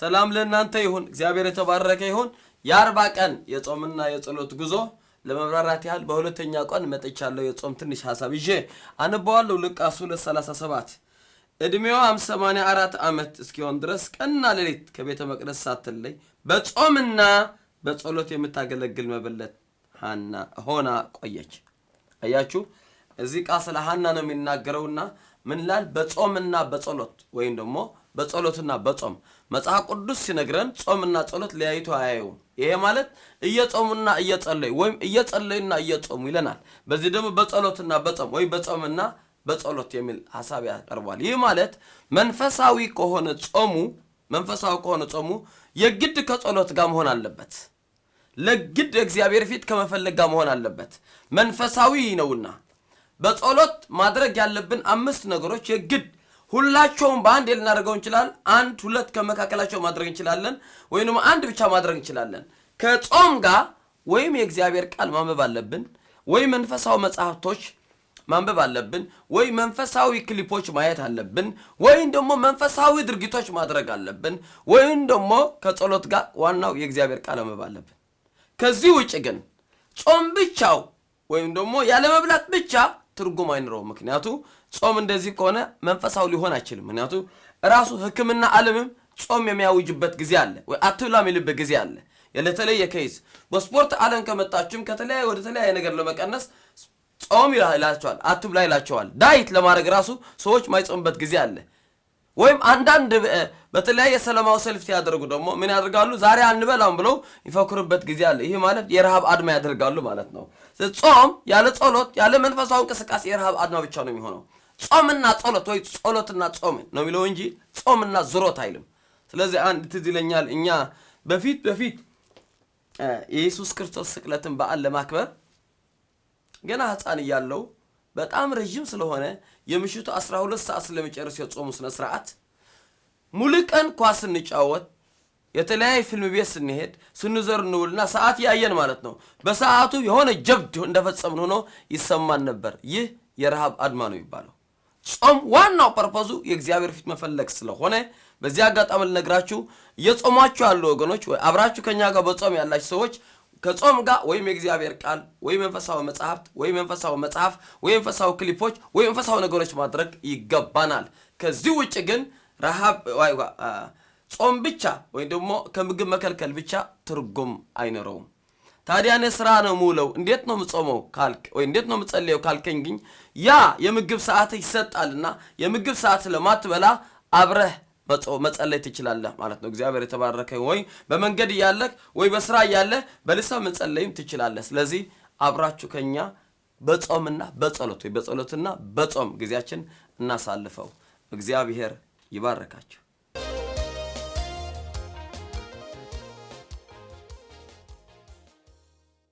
ሰላም ለእናንተ ይሁን፣ እግዚአብሔር የተባረከ ይሁን። የአርባ ቀን የጾምና የጸሎት ጉዞ ለመብራራት ያህል በሁለተኛ ቀን መጥቻለሁ። የጾም ትንሽ ሀሳብ ይዤ አንበዋለሁ ሉቃስ 2፥37 ዕድሜዋ 84 ዓመት እስኪሆን ድረስ ቀንና ሌሊት ከቤተ መቅደስ ሳትለይ በጾምና በጸሎት የምታገለግል መበለት ሃና ሆና ቆየች። አያችሁ እዚህ ቃ ስለ ሃና ነው የሚናገረውና ምን ላል በጾምና በጸሎት ወይም ደግሞ በጸሎትና በጾም መጽሐፍ ቅዱስ ሲነግረን ጾምና ጸሎት ለያይቶ አያዩም። ይሄ ማለት እየጾሙና እየጸለዩ ወይም እየጸለዩና እየጾሙ ይለናል። በዚህ ደግሞ በጸሎትና በጾም ወይ በጾምና በጸሎት የሚል ሀሳብ ያቀርቧል። ይህ ማለት መንፈሳዊ ከሆነ ጾሙ መንፈሳዊ ከሆነ ጾሙ የግድ ከጸሎት ጋር መሆን አለበት። ለግድ እግዚአብሔር ፊት ከመፈለግ ጋር መሆን አለበት። መንፈሳዊ ነውና በጸሎት ማድረግ ያለብን አምስት ነገሮች የግድ ሁላቸውም በአንድ ልናደርገው እንችላል። አንድ ሁለት ከመካከላቸው ማድረግ እንችላለን፣ ወይም አንድ ብቻ ማድረግ እንችላለን። ከጾም ጋር ወይም የእግዚአብሔር ቃል ማንበብ አለብን፣ ወይም መንፈሳዊ መጽሐፍቶች ማንበብ አለብን፣ ወይ መንፈሳዊ ክሊፖች ማየት አለብን፣ ወይም ደግሞ መንፈሳዊ ድርጊቶች ማድረግ አለብን፣ ወይም ደግሞ ከጸሎት ጋር ዋናው የእግዚአብሔር ቃል ማንበብ አለብን። ከዚህ ውጭ ግን ጾም ብቻው ወይም ደግሞ ያለመብላት ብቻ ትርጉም አይኖረው። ምክንያቱ ጾም እንደዚህ ከሆነ መንፈሳዊ ሊሆን አይችልም። ምክንያቱ ራሱ ሕክምና ዓለምም ጾም የሚያውጅበት ጊዜ አለ ወይ አትብላ የሚልበት ጊዜ አለ። ለተለየ ኬዝ በስፖርት ዓለም ከመጣችሁም ከተለያየ ወደ ተለያየ ነገር ለመቀነስ ጾም ይላቸዋል፣ አትብላ ይላቸዋል። ዳይት ለማድረግ ራሱ ሰዎች ማይጾምበት ጊዜ አለ ወይም አንዳንድ በተለያየ ሰላማዊ ሰልፍ ሲያደርጉ ደግሞ ምን ያደርጋሉ? ዛሬ አንበላም ብለው ይፈክሩበት ጊዜ አለ። ይህ ማለት የረሃብ አድማ ያደርጋሉ ማለት ነው። ጾም ያለ ጸሎት ያለ መንፈሳዊ እንቅስቃሴ የረሃብ አድማ ብቻ ነው የሚሆነው። ጾምና ጸሎት ወይ ጸሎትና ጾም ነው የሚለው እንጂ ጾምና ዝሮት አይልም። ስለዚህ አንድ ትዝ ይለኛል እኛ በፊት በፊት የኢየሱስ ክርስቶስ ስቅለትን በዓል ለማክበር ገና ሕፃን እያለው በጣም ረዥም ስለሆነ የምሽቱ 12 ሰዓት ስለሚጨርስ የጾሙ ስነ ስርዓት ሙሉ ቀን ኳስ ስንጫወት የተለያየ ፊልም ቤት ስንሄድ ስንዞር እንውልና ሰዓት ያየን ማለት ነው። በሰዓቱ የሆነ ጀብድ እንደፈጸምን ሆኖ ይሰማን ነበር። ይህ የረሃብ አድማ ነው የሚባለው። ጾም ዋናው ፐርፐዙ የእግዚአብሔር ፊት መፈለግ ስለሆነ በዚህ አጋጣሚ ልነግራችሁ እየጾማችሁ ያሉ ወገኖች፣ አብራችሁ ከኛ ጋር በጾም ያላችሁ ሰዎች ከጾም ጋር ወይም የእግዚአብሔር ቃል ወይም መንፈሳዊ መጽሐፍት ወይም መንፈሳዊ መጽሐፍ ወይም መንፈሳዊ ክሊፖች ወይም መንፈሳዊ ነገሮች ማድረግ ይገባናል። ከዚህ ውጭ ግን ረሃብ ጾም ብቻ ወይም ደግሞ ከምግብ መከልከል ብቻ ትርጉም አይኖረውም። ታዲያ እኔ ስራ ነው የምውለው እንዴት ነው የምጾመው ወይ እንዴት ነው የምጸልየው ካልከኝ ግኝ ያ የምግብ ሰዓት ይሰጣልና የምግብ ሰዓት ስለማትበላ አብረህ መጸለይ ትችላለህ ማለት ነው። እግዚአብሔር የተባረከ ወይ በመንገድ እያለህ ወይ በስራ እያለህ በልሳን መጸለይም ትችላለህ። ስለዚህ አብራችሁ ከኛ በጾምና በጸሎት ወይ በጸሎትና በጾም ጊዜያችን እናሳልፈው እግዚአብሔር llevar barra cacho.